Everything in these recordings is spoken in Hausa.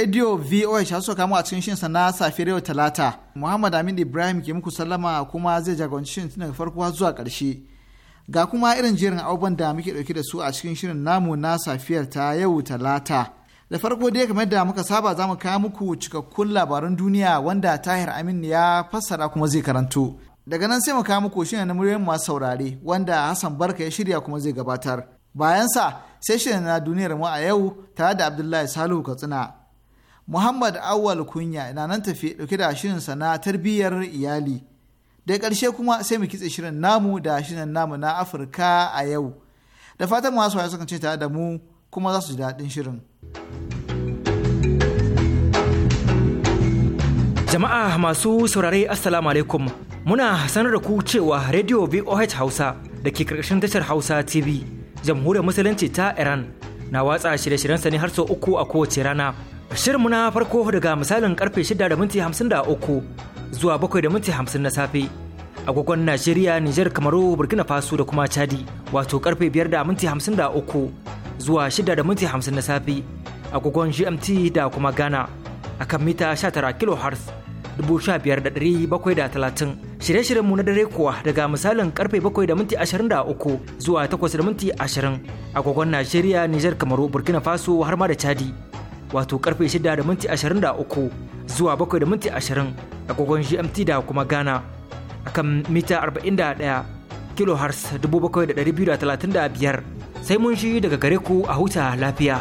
Radio VOH har kamo a cikin shinsa na safiyar yau talata. Muhammad Amin Ibrahim ke muku sallama kuma zai jagoranci shirin tun daga farko zuwa karshe Ga kuma irin jerin abubuwan da muke dauke da su a cikin shirin namu na safiyar ta yau talata. Da farko dai kamar da muka saba za mu kawo muku cikakkun labaran duniya wanda Tahir Amin ya fassara kuma zai karanto. Daga nan sai mu kawo muku shirin na muryoyin masu saurare wanda Hassan Barka ya shirya kuma zai gabatar. Bayansa sai shirin na duniyar mu a yau tare da Abdullahi Salihu Katsina. muhammad awal kunya na nan tafi ɗauke da shirinsa na tarbiyyar iyali da ƙarshe kuma sai mu kitse shirin namu da shirin namu na afirka a yau da fatan masu wayo sukan ce tare da mu kuma za su ji daɗin shirin jama'a masu saurare assalamu alaikum muna sanar da ku cewa radio voh hausa da ke karkashin tashar hausa tv jamhuriyar musulunci ta iran na watsa shirye shiryen ne har sau uku a kowace rana Shirinmu na farko daga misalin karfe shida da minti uku zuwa bakwai da minti hamsin na safe. Agogon Najeriya, Nijar, Kamaru, Burkina Faso da kuma Chadi wato karfe biyar da minti uku zuwa shida da minti hamsin na safe. Agogon GMT da kuma Ghana a kan mita 19 kHz 15730. Shirye-shiryenmu na dare kuwa daga misalin karfe bakwai da minti uku zuwa takwas da minti 20 agogon Najeriya, Nijar, Kamaru, Burkina Faso har ma da Chadi. wato karfe 6 da minti 23 zuwa 7 da minti 20 agogon GMT da kuma Ghana akan mita 41 kilohertz 7,235 sai mun shi daga gare ku a huta lafiya.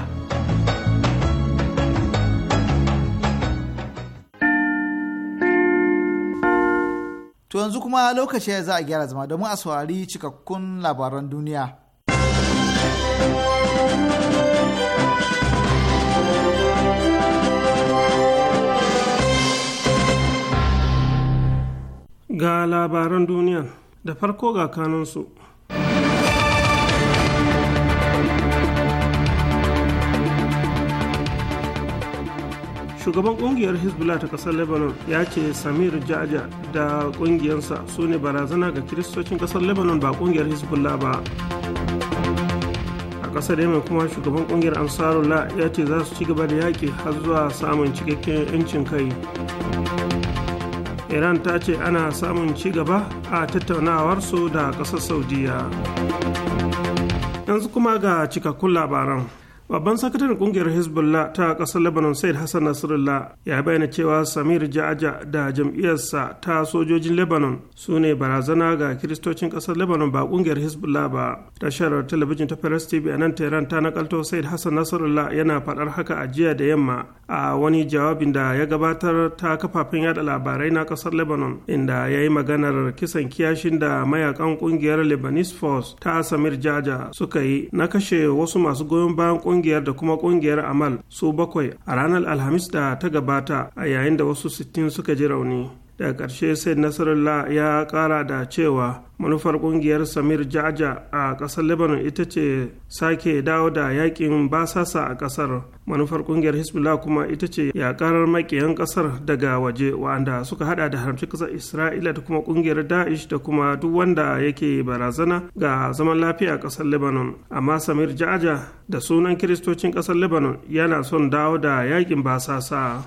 To yanzu kuma lokaci za a gyara zama domin a saurari cikakkun labaran duniya. ga labaran duniya da farko ga kanunsu. shugaban kungiyar hezbollah ta kasar lebanon ya ce samir jaja da kungiyarsa su ne barazana ga kiristocin kasar lebanon ba kungiyar hezbollah ba a kasar yamma kuma shugaban kungiyar ansarullah ya ce za su ci gaba da yaƙi har zuwa samun cikakken 'yancin kai iran ta ce ana samun ci gaba a tattaunawar su da ƙasar saudiya yanzu kuma ga cikakkun labaran Babban sakataren kungiyar Hezbollah ta ƙasar Lebanon Said Hassan Nasrullah ya bayyana cewa Samir Ja'aja da jam'iyyarsa ta sojojin Lebanon su ne barazana ga kiristocin ƙasar Lebanon ba kungiyar Hezbollah ba. Tashar talabijin ta Paris TV a nan Tehran ta nakalto Said Hassan Nasrullah yana faɗar haka a jiya da yamma a wani jawabin da ya gabatar ta kafafen yada labarai na ƙasar Lebanon inda ya yi maganar kisan kiyashin da mayakan kungiyar Lebanese Force ta Samir Jaja suka yi na kashe wasu masu goyon bayan kungiyar da kuma kungiyar amal su bakwai a ranar alhamis da ta gabata a yayin da wasu 60 suka ji rauni daga ƙarshe sai nasarallah ya ƙara da cewa manufar ƙungiyar samir jaja a ƙasar lebanon ita ce sake dawo da yakin basasa a ƙasar manufar ƙungiyar hezbollah kuma ita ce yaƙarar makiyan ƙasar daga waje wa'anda suka hada da haramci ƙasar isra'ila da kuma ƙungiyar da'ish da kuma duk wanda yake barazana ga zaman lafiya a ƙasar lebanon amma samir jaja da sunan kiristocin ƙasar lebanon yana son dawo da yakin basasa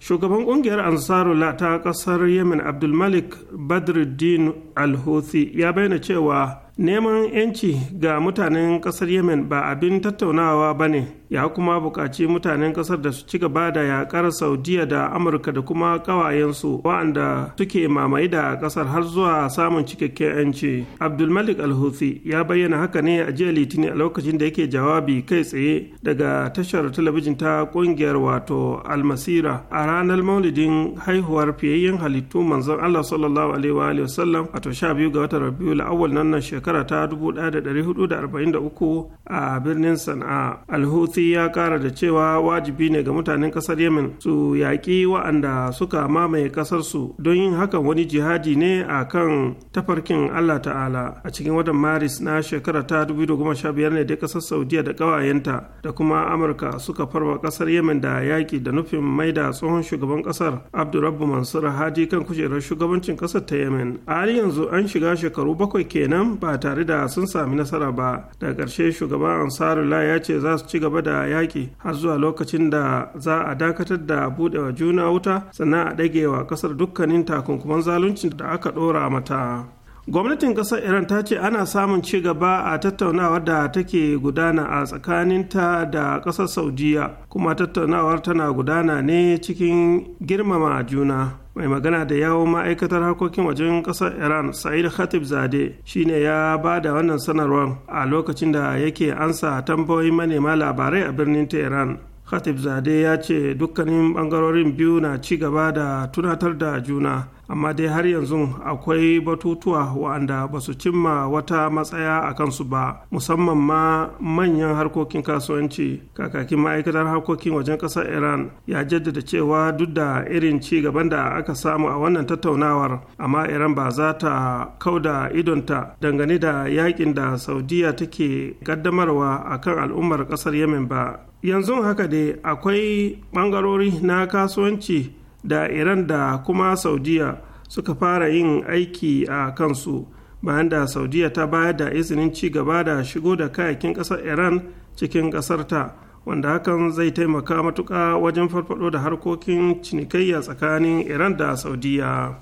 shugaban kungiyar ansarula ta kasar yemen abdulmalik badruddin al-houthi ya bayyana cewa neman 'yanci ga mutanen kasar yemen ba abin tattaunawa ba ne ya kuma buƙaci mutanen ƙasar da su ci gaba da yaƙar saudiya da amurka da kuma ƙawayensu wa'anda suke mamaye da ƙasar har zuwa samun cikakken 'yanci abdulmalik alhuthi ya bayyana haka ne a jiya litini a lokacin da yake jawabi kai tsaye daga tashar talabijin ta ƙungiyar wato almasira a ranar maulidin haihuwar fiyayyen halittu manzon allah sallallahu alaihi wa sallam sha biyu ga watan rabiul awal nan shekara ta 1443 a birnin sana'a alhuthi Almasi ya kara da cewa wajibi ne ga mutanen kasar Yemen su yaƙi wa'anda suka mamaye kasarsu don yin hakan wani jihadi ne a kan tafarkin Allah ta'ala a cikin watan Maris na shekara ta 2015 ne da kasar Saudiya da ƙawayenta da kuma Amurka suka farwa kasar Yemen da yaƙi da nufin mai da tsohon shugaban kasar Abdurrabbu Mansur Hadi kan kujerar shugabancin kasar ta Yemen. A yanzu an shiga shekaru bakwai kenan ba tare da sun sami nasara ba. Da ƙarshe shugaban Ansarullah ya ce za su ci gaba da da yaƙi har zuwa lokacin da za a dakatar da buɗewa juna wuta sannan a ɗage wa ƙasar dukkanin takunkuman zaluncin da aka ɗora mata. gwamnatin ƙasar iran ta ce ana samun ci gaba a tattaunawar da take gudana a tsakaninta da ƙasar saudiya kuma tattaunawar tana gudana ne cikin girmama juna mai magana da yawon ma'aikatar harkokin wajen ƙasar iran sa'id khatib zade shine ya ba da wannan sanarwar a lokacin da yake ansa tambayoyin manema labarai a birnin tehran khatib zade ya ce dukkanin bangarorin biyu na ci gaba da tunatar da juna amma dai har yanzu akwai batutuwa wa'anda ba su cimma wata matsaya a kansu ba musamman ma manyan harkokin kasuwanci kakakin ma'aikatar harkokin wajen ƙasar iran ya jaddada cewa duk da irin ci gaban da aka samu a wannan tattaunawar amma iran ba za ta kauda idonta dangane da yakin da saudiya take kaddamarwa a kan al'ummar ƙasar yemen ba yanzu haka dai akwai ɓangarori na kasuwanci da iran da kuma saudiya suka fara yin aiki a kansu bayan da saudiya ta bayar da izinin ci gaba da shigo da kayakin ƙasar iran cikin ƙasarta wanda hakan zai taimaka matuƙa wajen farfado da harkokin cinikayya tsakanin iran da saudiya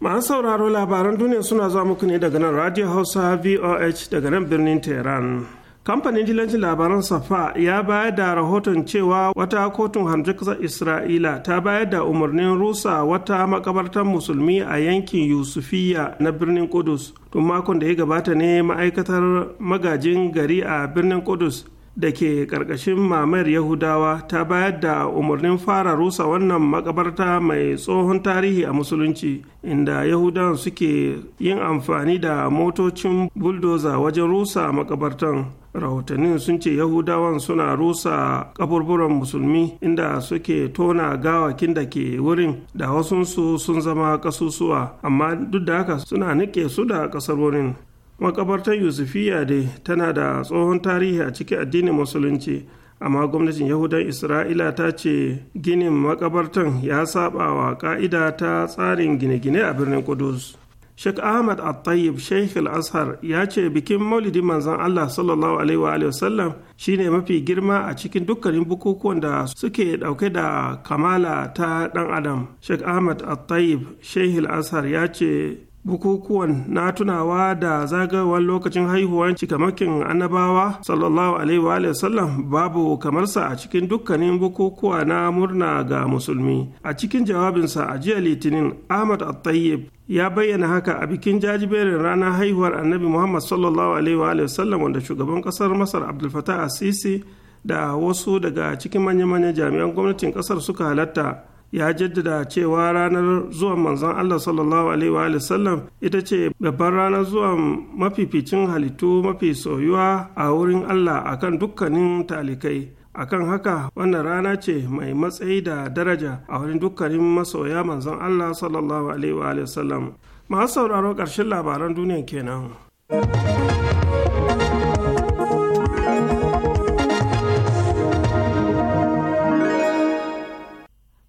masu sauraro labaran duniya suna zuwa muku ne daga nan radio hausa voh daga nan birnin tehran kamfanin jilancin labaran safa ya bayar da rahoton cewa wata kotun hamshe kasar isra'ila ta bayar da umarnin rusa wata makabartar musulmi a yankin yusufiya na birnin kudus tun makon da ya gabata ne ma'aikatar magajin gari a birnin kudus da ke karkashin mamayar yahudawa ta bayar da umarnin fara rusa wannan makabarta mai tsohon tarihi a musulunci inda yahudawan suke yin amfani da motocin buldoza wajen rusa makabartan rahotannin sun ce yahudawan suna rusa kaburburan musulmi inda suke tona gawakin da ke wurin da wasunsu sun zama kasusuwa amma duk da haka suna nike su da kasar wurin makabartar yusufiya dai tana da tsohon tarihi a cikin addinin musulunci amma gwamnatin yahudan isra'ila ta ce ginin makabartan ya saba wa ka'ida ta tsarin gine-gine a birnin kudus Sheikh Ahmad At-Tayyib Sheikh Al-Azhar ya ce bikin Maulidin manzon Allah sallallahu alaihi wa wasallam shine mafi girma a cikin dukkanin bukukuwan da suke dauke da kamala ta dan Adam. Sheikh Ahmad At-Tayyib Sheikh Al-Azhar ya ce bukukuwan na tunawa da zagayowar lokacin haihuwar cikamakin annabawa sallallahu alaihi wa sallam babu kamarsa a cikin dukkanin bukukuwa na murna ga musulmi a cikin jawabinsa a jiya litinin ahmad attayyib ya bayyana haka a bikin jajiberin ranar haihuwar annabi muhammad sallallahu alaihi wa sallam wanda shugaban kasar masar abdul fatah asisi da wasu daga cikin manya-manyan jami'an gwamnatin kasar suka halatta ya jaddada cewa ranar zuwan manzon Allah sallallahu alaihi wa sallam ita ce babban ranar zuwan mafificin halittu mafi soyuwa a wurin Allah akan dukkanin talikai akan haka wannan rana ce mai matsayi da daraja a wurin dukkanin masoya manzon Allah sallallahu alaihi wa sallam masu sauraro ƙarshen labaran duniya kenan.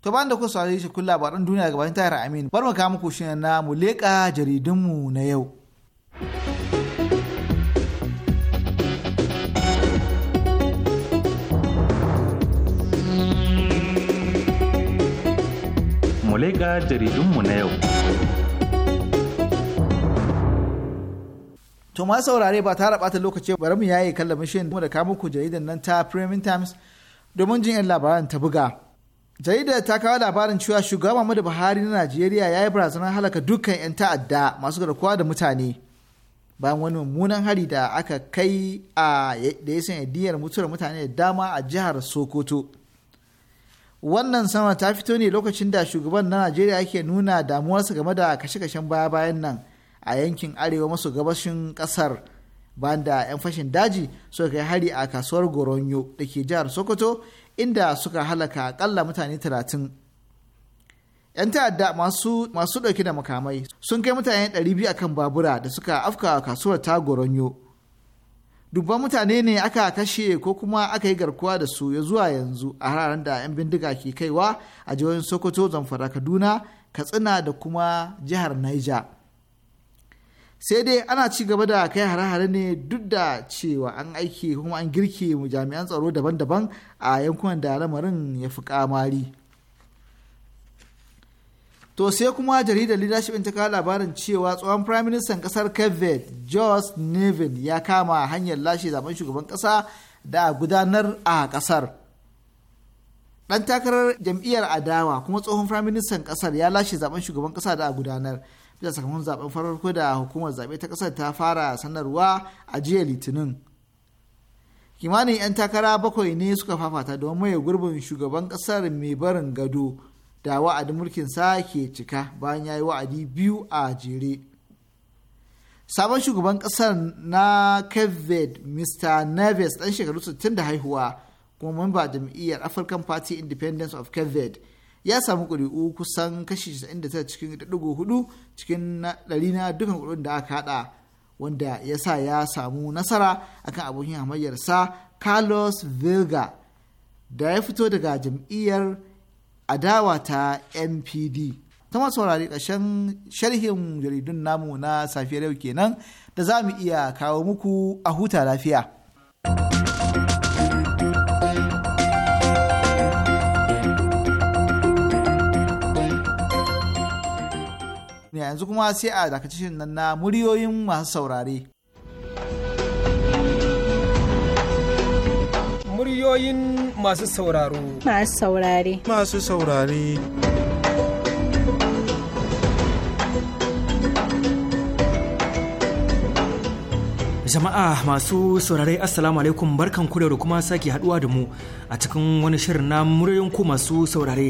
ta bayan da ku saurari shi kun labaran duniya gabanin tayar amin bar mu kawo muku shi na mu leƙa jaridunmu na yau. Mulega jaridunmu na yau. To ma saurare ba tara bata lokaci bari mu yaye kallon shirin da kamuku jaridan nan ta Premium Times domin jin 'yan labaran ta buga. jarida ta kawo labarin cewa shugaban muhammadu buhari na najeriya ya yi barazanar halaka dukkan 'yan ta'adda masu garkuwa da mutane bayan wani mummunan hari da aka kai a da ya sanya diyar mutuwar mutane da dama a jihar sokoto wannan sama ta fito ne lokacin da shugaban na najeriya yake nuna damuwarsa game da kashe-kashen baya-bayan nan a yankin arewa maso gabashin kasar bayan da 'yan fashin daji suka kai hari a kasuwar goronyo da ke jihar sokoto inda suka halaka akalla mutane talatin. 'yan ta'adda masu ɗauke da makamai sun kai mutane 200 kan babura da suka afka a kasuwar tagoronyo dubban mutane ne aka kashe ko kuma aka yi garkuwa da su ya zuwa yanzu a hararen da 'yan bindiga ke kaiwa a jihohin sokoto zamfara kaduna katsina da kuma jihar niger sai dai ana ci gaba da kai hare-hare ne duk da cewa an aiki kuma an girke jami'an tsaro daban-daban a yankunan da lamarin ya fi kamari to sai kuma jaridar leadership ta kawo labarin cewa tsohon prime minister kasar kevin george nevin ya kama hanyar lashe zaben shugaban kasa da gudanar a kasar dan takarar jam'iyyar adawa kuma tsohon firaministan minister kasar ya lashe zaben shugaban kasa da gudanar da sakamakon zaben farko da hukumar zaɓe ta ƙasar ta fara sanarwa a jiya litinin kimanin 'yan takara bakwai ne suka fafata don maye gurbin shugaban ƙasar mai barin gado da wa'adin mulkin sa ke cika bayan ya yi wa'adi biyu a jere sabon shugaban ƙasar na kevin mr neves ɗan shekaru 60 da haihuwa kuma mamba jam'iyyar african party independence of kevin ya samu kuri'u kusan kashi 99 cikin hudu cikin ɗari na dukkan ƙuri'un da aka haɗa wanda ya sa ya samu nasara akan abokin hamayyarsa carlos Vega da ya fito daga jam'iyyar adawa ta npd ta masu saurari ƙarshen sharhin jaridun namu na safiyar yau kenan da za mu iya kawo muku a huta lafiya. yanzu kuma sai a dakacin nan na muryoyin masu saurare. Muryoyin masu sauraro. Masu saurare. Masu saurare. Jama'a masu saurare Assalamu alaikum barkan kure da kuma sake haduwa da mu a cikin wani shirin na muryoyin ku masu saurare.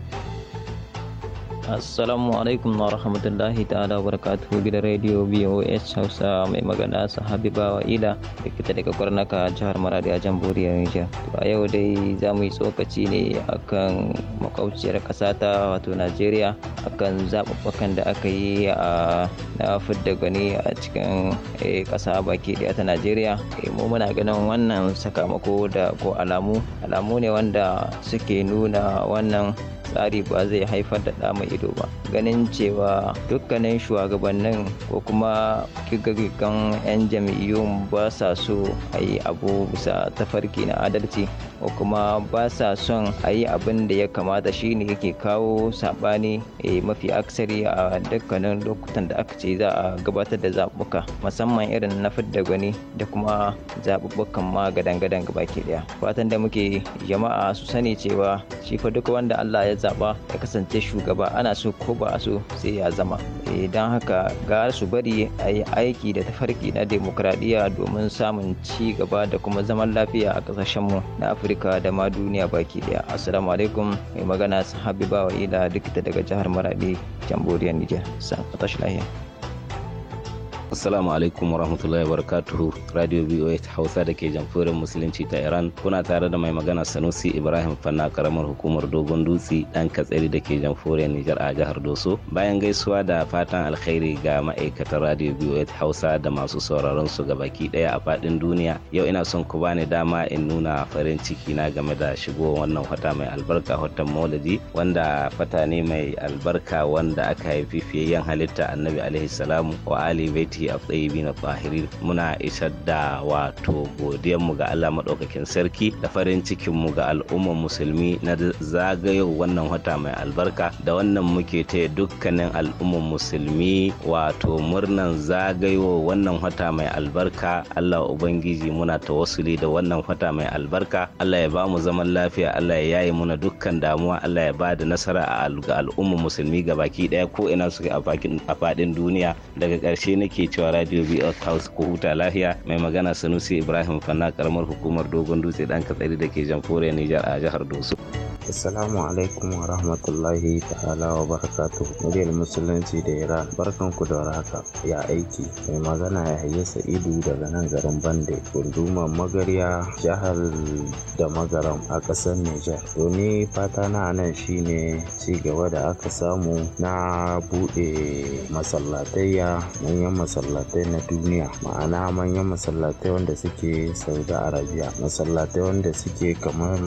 assalamu alaikum wa rahmatullahi ta'ala wa barakatuhu gidan rediyo voh hausa mai magana sahabi bawa ila da kita daga kwarnaka jihar maradi a jamhuriyar nijar to a yau dai za mu yi tsokaci ne akan makwabciyar ƙasa ta wato najeriya akan zaɓaɓɓakan da aka yi a na fidda gani a cikin e, ƙasa baki ɗaya ta najeriya e, mu muna ganin wannan sakamako da ko alamu alamu ne wanda suke nuna wannan tsari ba zai haifar da dama ido ba ganin cewa dukkanin shugabannin ko kuma kigaggan 'yan jam'iyyun ba sa so a yi abu bisa tafarki na adalci kuma ba sa son a yi abin da ya kamata shine yake kawo saɓani eh, mafi aksari a dukkanin lokutan da aka ce za a gabatar da zaɓuɓɓuka musamman irin na fidda gwani da kuma zaɓuɓɓukan ma gadan-gadan ke ɗaya fatan da muke jama'a su sani cewa shi fa duk wanda Allah ya zaɓa ya kasance shugaba ana so ko ba a so sai ya zama eh, don haka ga su bari a yi aiki da tafarki na demokradiyya domin samun ci gaba da kuma zaman lafiya a ƙasashenmu na afirka Afrika da ma duniya baki daya. Assalamu alaikum. Mai magana Habiba wa ila duk daga jihar Maradi, Jamhuriyar Nijar. Sa'a tashi lahiya. Assalamu alaikum warahmatullahi wabarakatuhu Radio BOA ta Hausa da ke jamfurin Musulunci ta Iran kuna tare da mai magana Sanusi Ibrahim Fanna karamar hukumar Dogon Dutse dan Katsari da ke jamfurin Nijar a jihar Doso bayan gaisuwa da fatan alkhairi ga ma'aikatan Radio BOA ta Hausa da masu sauraron su ga baki daya a fadin duniya yau ina son ku bani dama in nuna farin ciki na game da shigo wannan fata mai albarka watan Maulidi wanda fata ne mai albarka wanda aka haifi fiyayyen halitta Annabi alaihi salamu wa ali baiti tsaye bi na fahiri muna isar da wato mu ga Allah maɗaukakin sarki da farin mu ga al'umman musulmi na zagayo wannan wata mai albarka da wannan muke taya dukkanin al'umman musulmi wato murnan zagayo wannan wata mai albarka Allah ubangiji muna ta wasuli da wannan wata mai albarka Allah ya ba mu zaman lafiya Allah ya yaye muna dukkan damuwa Allah ya ba da nasara a al'umman musulmi gabaki daya ko ina suke a faɗin duniya daga ƙarshe nake cewa radio bs house ko huta lafiya mai magana sanusi ibrahim fanna karamar hukumar dogon dutse dan katsari da ke jamfore niger a jihar doso Assalamu alaikum wa rahmatullahi ta'ala wa barakatu. Muryar Musulunci da Iran barkan ku da haka ya aiki mai magana ya hayya sa'idu daga nan garin Bande gundumar magarya jihar da magaram a kasar niger To fata na nan shine ci gaba da aka samu na buɗe masallatayya manyan masallatai masallatai na duniya ma'ana manyan masallatai wanda suke saudi arabiya masallatai wanda suke kamar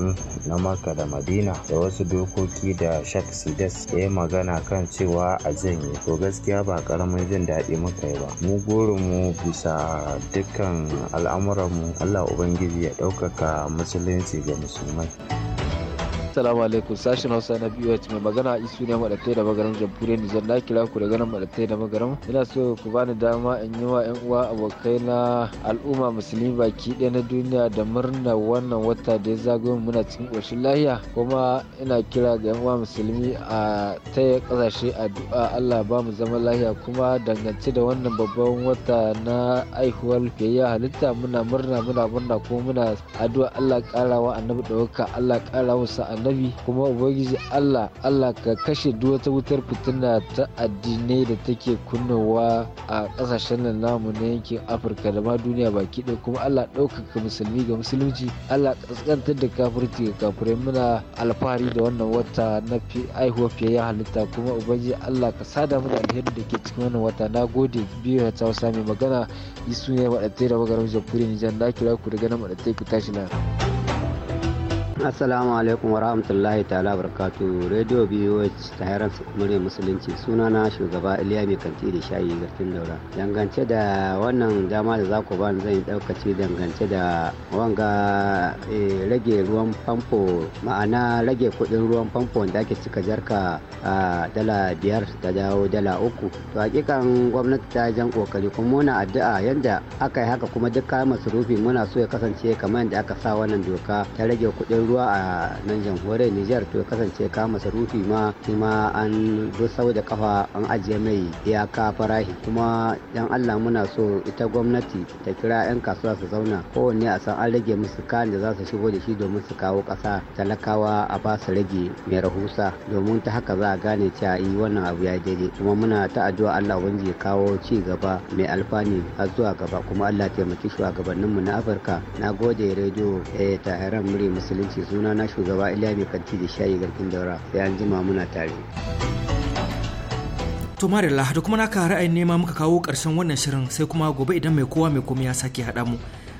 na maka da madina da wasu dokoki da shak sides ya yi magana kan cewa a janye to gaskiya ba karamin jin daɗi muka yi ba mu mu bisa dukkan al'amuranmu allah ubangiji ya ɗaukaka musulunci ga musulmai Assalamu alaikum sashen Hausa na ya mai magana isu ne maɗa da magaran jamhuriyar Nijar na kira ku daga nan maɗa da magaram ina so ku bani dama in yi wa yan uwa abokai na al'umma musulmi baki ɗaya na duniya da murna wannan wata da ya min muna cikin ƙoshin lahiya kuma ina kira ga yan uwa musulmi a taya ƙasashe addu'a Allah ba mu zama lahiya kuma dangance da wannan babban wata na aihuwar fiyayya halitta muna murna muna murna kuma muna addu'a Allah ƙara annabi ɗaukaka Allah ƙara wa annabi kuma ubangiji allah allah ka kashe duk wata wutar fitina ta addinai da take kunnawa a kasashen nan namu na yankin afirka da ma duniya baki ɗaya kuma allah ɗaukaka musulmi ga musulunci allah ƙasƙantar da kafirci ga kafirai muna alfahari da wannan wata na aihuwa fiye ya halitta kuma ubangiji allah ka sada mu da alheri da ke cikin wannan wata na gode biyu ya tsawo sami magana yi su maɗatai da magarin jamhuriyar nijar na kira ku daga nan maɗatai ku tashi na. assalamu alaikum wa rahmatullahi ta'ala barkatu radio boh ta heran murya musulunci sunana shugaba iliya mai kanti da shayi garkin daura dangance da wannan dama da za ku bani zai daukaci dangance da wanga eh, rage ruwan famfo ma'ana rage kudin ruwan famfo da ake cika jarka a dala biyar ta dawo dala uku to hakikan gwamnati ta jan kokari kuma muna addu'a yanda aka yi haka kuma duk kayan masarufi muna so ya kasance kamar yadda aka sa wannan doka ta rage kudin ruwa a nan jamhuriyar Nijar to kasance ka masarufi ma ma an duk sau da kafa an ajiye mai iyaka farahi kuma yan Allah muna so ita gwamnati ta kira yan kasuwa su zauna kowanne a san an rage musu kayan da za su shigo da shi domin su kawo kasa talakawa a ba su rage mai rahusa domin ta haka za a gane cewa yi wannan abu ya daidai kuma muna ta addu'a Allah wanda ya kawo ci gaba mai alfani har zuwa gaba kuma Allah taimaki shugabanninmu na Afirka na gode rediyo eh, ta Haram Muri Musulunci ce suna na shugaba iliya mai kanti da shayi garkin daura sai an jima muna tare to marilla da kuma naka ra'ayin nema muka kawo karshen wannan shirin sai kuma gobe idan mai kowa mai komai ya sake haɗa mu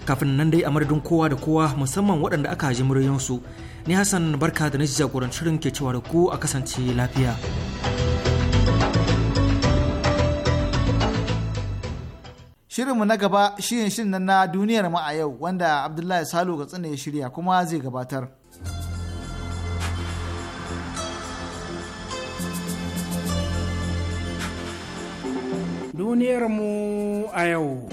kafin nan dai a madadin kowa da kowa musamman waɗanda aka ji muryoyinsu ni hassan barka da na jagorancin shirin ke cewa da ku a kasance lafiya. Shirinmu na gaba shirin shirin na duniyar mu a yau wanda Abdullahi Salo Katsina ya shirya kuma zai gabatar. Duniyar mu a yau.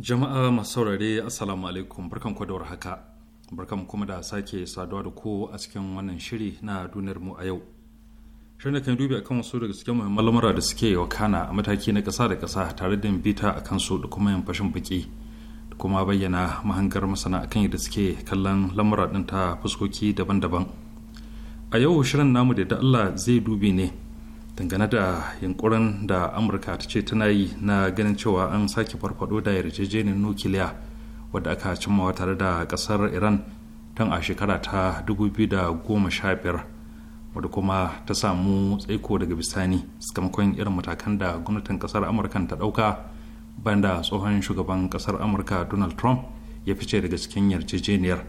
Jama'a masu saurare Assalamu alaikum barkan da haka. Barkan kuma da sake saduwa da ku a cikin wannan shiri na duniyar mu a yau. shirin kan dubi akan wasu daga cikin muhimman lamura da suke wa kana a mataki na kasa da kasa tare da bita a kansu da kuma yin fashin baki da kuma bayyana mahangar masana akan yadda suke kallon lamura ɗin ta fuskoki daban-daban a yau shirin namu da da Allah zai dubi ne dangane da yunkurin da amurka ta ce tana yi na ganin cewa an sake farfado da yarjejeniyar nukiliya wadda aka cimma tare da kasar iran tun a shekara ta dubu biyu da goma sha biyar. wadda kuma ta samu tsaiko daga bisani sakamakon irin matakan da gwamnatin kasar amurka ta dauka bayan da tsohon shugaban kasar amurka donald trump ya fice daga cikin yarjejeniyar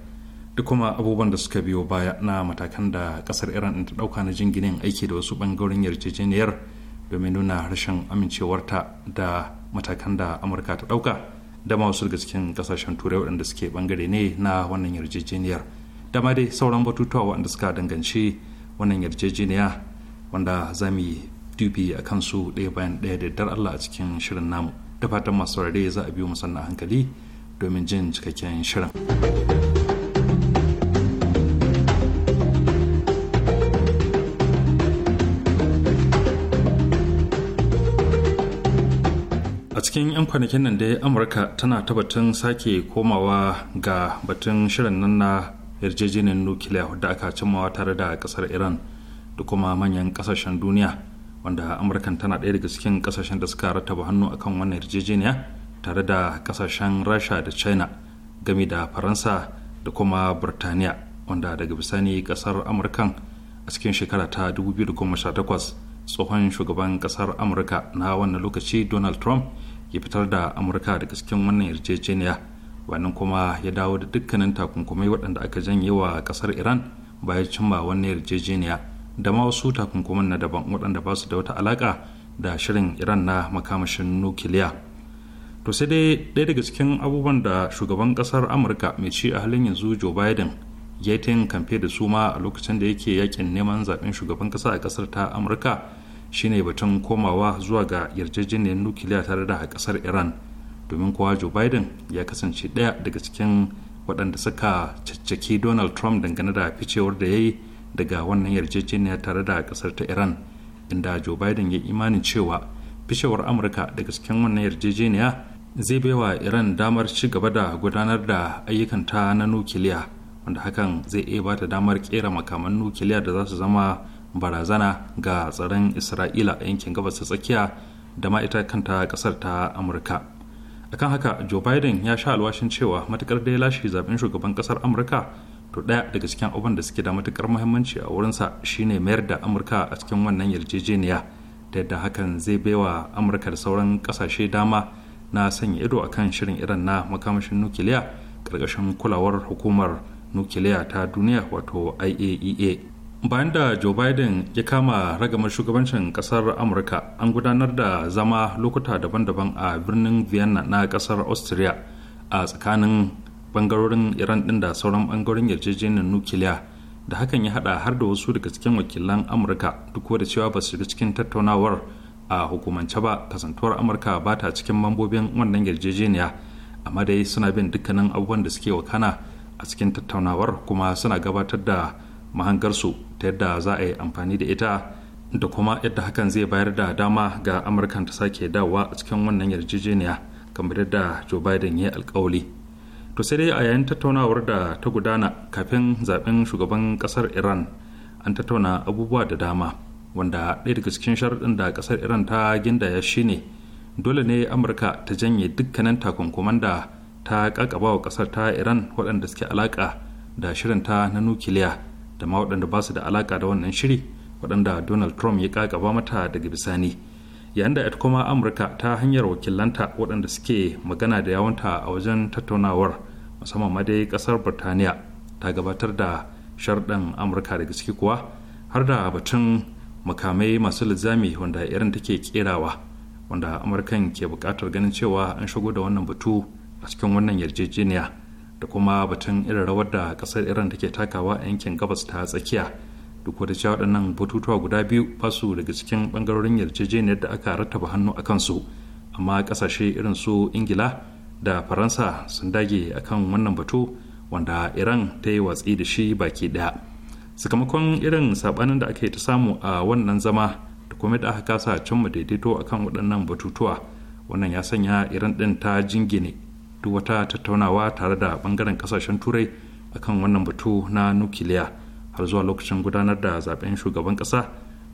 duk kuma abubuwan da suka biyo baya na matakan da kasar iran ta dauka na jinginin aiki da wasu bangaren yarjejeniyar domin nuna rashin amincewarta da matakan da amurka ta dauka da ma wasu daga cikin kasashen turai waɗanda suke bangare ne na wannan yarjejeniyar dama dai sauran batutuwa waɗanda suka danganci wannan yarjejeniya wanda za mu yi dubi a kansu ɗaya bayan ɗaya da dar Allah a cikin shirin namu da fatan masu saurare za a biyo musamman hankali domin jin cikakken shirin. a cikin 'yan kwanakin nan dai amurka tana ta batun sake komawa ga batun shirin nan na yarjejeniyar nukiliya wadda aka cimmawa tare da kasar iran da kuma manyan kasashen duniya wanda amurka tana ɗaya daga cikin kasashen da suka rattaba hannu akan wannan yarjejeniya tare da kasashen rasha da china gami da faransa da kuma birtaniya wanda daga bisani kasar amurkan a cikin shekara ta 2018 tsohon shugaban kasar amurka na wannan lokaci donald trump ya fitar da amurka daga cikin wannan yarjejeniya wannan kuma ya dawo da dukkanin takunkumai waɗanda aka janye wa ƙasar iran bayan cimma wani yarjejeniya da ma wasu takunkuman na daban waɗanda ba su da wata alaƙa da shirin iran na makamashin nukiliya to sai dai ɗaya daga cikin abubuwan da shugaban ƙasar amurka mai ci a halin yanzu joe biden ya yi kamfe da su ma a lokacin da yake yakin neman zaɓen shugaban ƙasa a ƙasar ta amurka shine batun komawa zuwa ga yarjejeniyar nukiliya tare da ƙasar iran domin kowa joe biden ya kasance ɗaya daga cikin waɗanda suka caccaki donald trump dangane da ficewar da ya yi daga wannan yarjejeniya tare da ƙasar ta iran inda joe biden ya imanin cewa ficewar amurka daga cikin wannan yarjejeniya zai bai wa iran damar ci gaba da gudanar da ayyukanta na nukiliya wanda hakan zai iya ba ta damar kera makaman nukiliya da za su zama barazana ga tsaron isra'ila a yankin gabas ta tsakiya da ma ita kanta kasar ta amurka akan haka joe biden ya sha alwashin cewa matukar da ya lashe zaben shugaban kasar amurka to daya daga cikin abubuwan da suke da matukar muhimmanci a wurinsa shine mayar da amurka a cikin wannan yarjejeniya da yadda hakan zai baiwa amurka da sauran kasashe dama na sanya ido a kan shirin iran na makamashin nukiliya karkashin kulawar hukumar nukiliya ta duniya wato iaea e bayan da joe biden ya kama ragamar shugabancin kasar amurka an gudanar da zama lokuta daban-daban a birnin vienna na kasar austria a tsakanin bangarorin iran din da sauran bangarorin yarjejeniyar nukiliya da hakan ya hada har da wasu daga cikin wakilan amurka duk da cewa ba su shiga cikin tattaunawar a hukumance ba kasantuwar amurka ba ta cikin mambobin wannan yarjejeniya amma dai suna bin dukkanin abubuwan da suke wakana a cikin tattaunawar kuma suna gabatar da mahangarsu ta yadda za a yi amfani da ita da kuma yadda hakan zai bayar da dama ga amurkan ta sake dawowa a cikin wannan yarjejeniya kamar yadda joe biden ya alkawali to sai dai a yayin tattaunawar da ta gudana kafin zaben shugaban kasar iran an tattauna abubuwa da dama wanda ɗaya daga cikin sharɗin da kasar iran ta gindaya shine dole ne amurka ta janye dukkanin takunkuman da ta kakaba wa kasar ta iran waɗanda suke alaƙa da shirinta na nukiliya da ma waɗanda ba su da alaƙa da wannan shiri waɗanda donald trump ya kakaba mata daga bisani yayin da ita kuma amurka ta hanyar wakilanta waɗanda suke magana da yawanta a wajen tattaunawar musamman ma dai ƙasar birtaniya ta gabatar da sharɗin amurka daga gaske kuwa har da batun makamai masu lizami wanda irin take kerawa wanda amurkan ke buƙatar ganin cewa an shigo da wannan batu a cikin wannan yarjejeniya da kuma batun irin rawar da kasar iran take takawa a yankin gabas ta tsakiya duk da cewa waɗannan batutuwa guda biyu ba su daga cikin ɓangarorin yarjejeniyar da aka rattaba hannu a kansu amma ƙasashe irin su ingila da faransa sun dage akan wannan batu wanda iran ta yi watsi da shi baki ɗaya sakamakon irin saɓanin da aka yi ta samu a wannan zama da kuma da aka kasa cimma daidaito akan waɗannan batutuwa wannan ya sanya iran ɗin ta jingine duk wata tattaunawa tare da bangaren kasashen turai akan wannan batu na nukiliya har zuwa lokacin gudanar da zaben shugaban kasa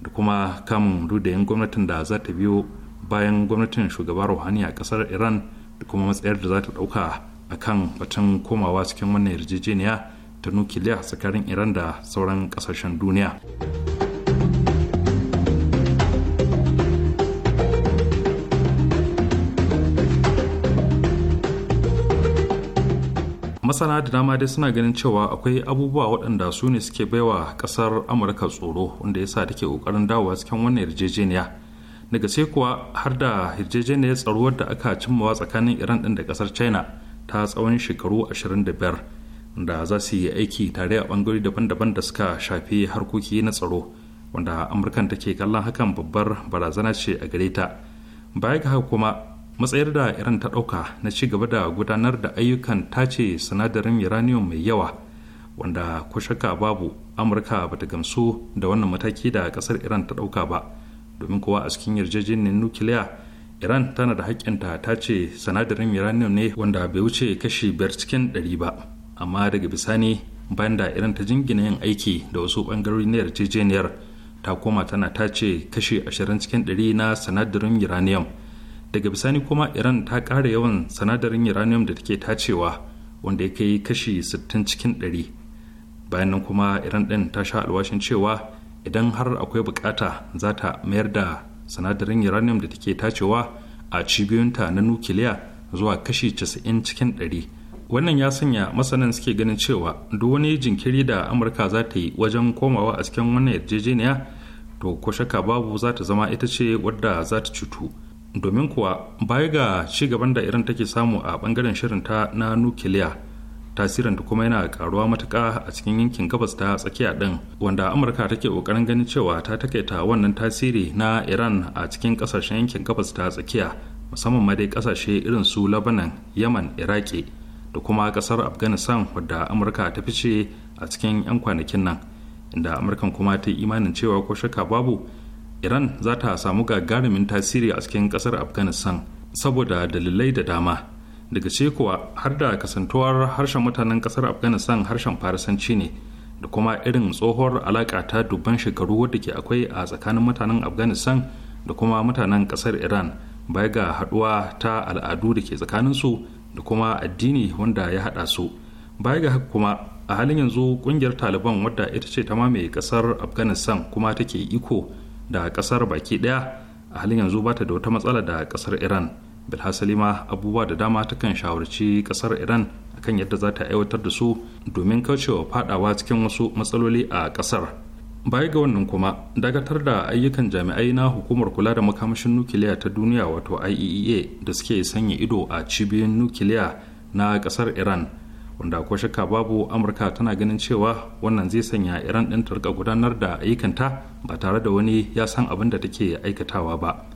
da kuma kamun rudayin gwamnatin da za ta biyo bayan gwamnatin shugaba ruhani a kasar iran da kuma matsayar da za ta dauka kan batun komawa cikin wannan yarjejeniya ta nukiliya tsakanin iran da sauran kasashen duniya. masana da dama dai suna ganin cewa akwai abubuwa waɗanda su ne suke baiwa ƙasar amurka tsoro wanda ya sa take ƙoƙarin dawowa cikin wannan yarjejeniya daga sai kuwa har da yarjejeniyar tsaro da aka cimmawa tsakanin iran ɗin da ƙasar china ta tsawon shekaru 25 da za su yi aiki tare a ɓangare daban-daban da suka shafi harkoki na tsaro wanda amurkan take kallon hakan babbar barazana ce a gare ta baya ga haka kuma matsayar da iran ta ɗauka na ci gaba da gudanar da ayyukan tace sinadarin uranium mai yawa wanda ko shakka babu amurka ba ta gamsu da wannan mataki da ƙasar iran ta ɗauka ba domin kowa a cikin yarjejeniyar nukiliya iran tana da haƙƙin ta tace sinadarin uranium ne wanda bai wuce kashi biyar cikin ɗari ba amma daga bisani bayan da iran ta jingina yin aiki da wasu ɓangarori na yarjejeniyar ta koma tana tace ce kashi ashirin cikin ɗari na sinadarin uranium daga bisani kuma iran ta kara yawan sanadarin uranium da take tacewa wanda ya kai kashi 60 cikin 100 bayan nan kuma iran ɗin ta sha alwashin cewa idan har akwai bukata za ta mayar da sanadarin uranium da take tacewa a cibiyunta na nukiliya zuwa kashi 90 cikin 100 wannan ya sanya masanan suke ganin cewa duk wani jinkiri da amurka za ta yi wajen komawa a cikin wannan yarjejeniya to ko shaka babu za ta zama ita ce wadda za ta cutu domin kuwa baya ga ci gaban da iran take samu a bangaren shirinta na nukiliya tasirin da kuma yana karuwa matuka a cikin yankin gabas ta tsakiya din wanda amurka take kokarin ganin cewa ta takaita wannan tasiri na iran a cikin kasashen yankin gabas ta tsakiya musamman ma dai ƙasashe irin su labanan yaman iraki da kuma ƙasar afghanistan wadda amurka ta fice a cikin 'yan kwanakin nan inda amurkan kuma ta imanin cewa ko shaka babu iran za ta samu gagarumin tasiri a cikin kasar afghanistan saboda dalilai da dama daga cewa har da kasantuwar harshen mutanen kasar afghanistan harshen farisanci ne da kuma irin tsohuwar alaƙa ta dubban shekaru wadda ke akwai a tsakanin mutanen afghanistan da kuma mutanen kasar iran baya ga haɗuwa ta al'adu da ke tsakanin su da kuma addini wanda ya haɗa su baya ga haka kuma a halin yanzu ƙungiyar taliban wadda ita ce ta mamaye kasar afghanistan kuma take iko da kasar baki daya a halin yanzu ba ta da wata matsala da kasar iran bilhassali ma abubuwa da dama ta kan shawarci kasar iran akan yadda za ta aiwatar da su domin kaucewa fadawa cikin wasu matsaloli a kasar baya ga wannan kuma dakatar da ayyukan jami'ai na hukumar kula da makamashin nukiliya ta duniya wato iaea e da suke sanya ido a cibiyoyin nukiliya na kasar iran wanda ko shakka babu amurka tana ganin cewa wannan zai sanya iran ɗin ta gudanar da ayyukanta ba tare da wani ya san abin da take aikatawa ba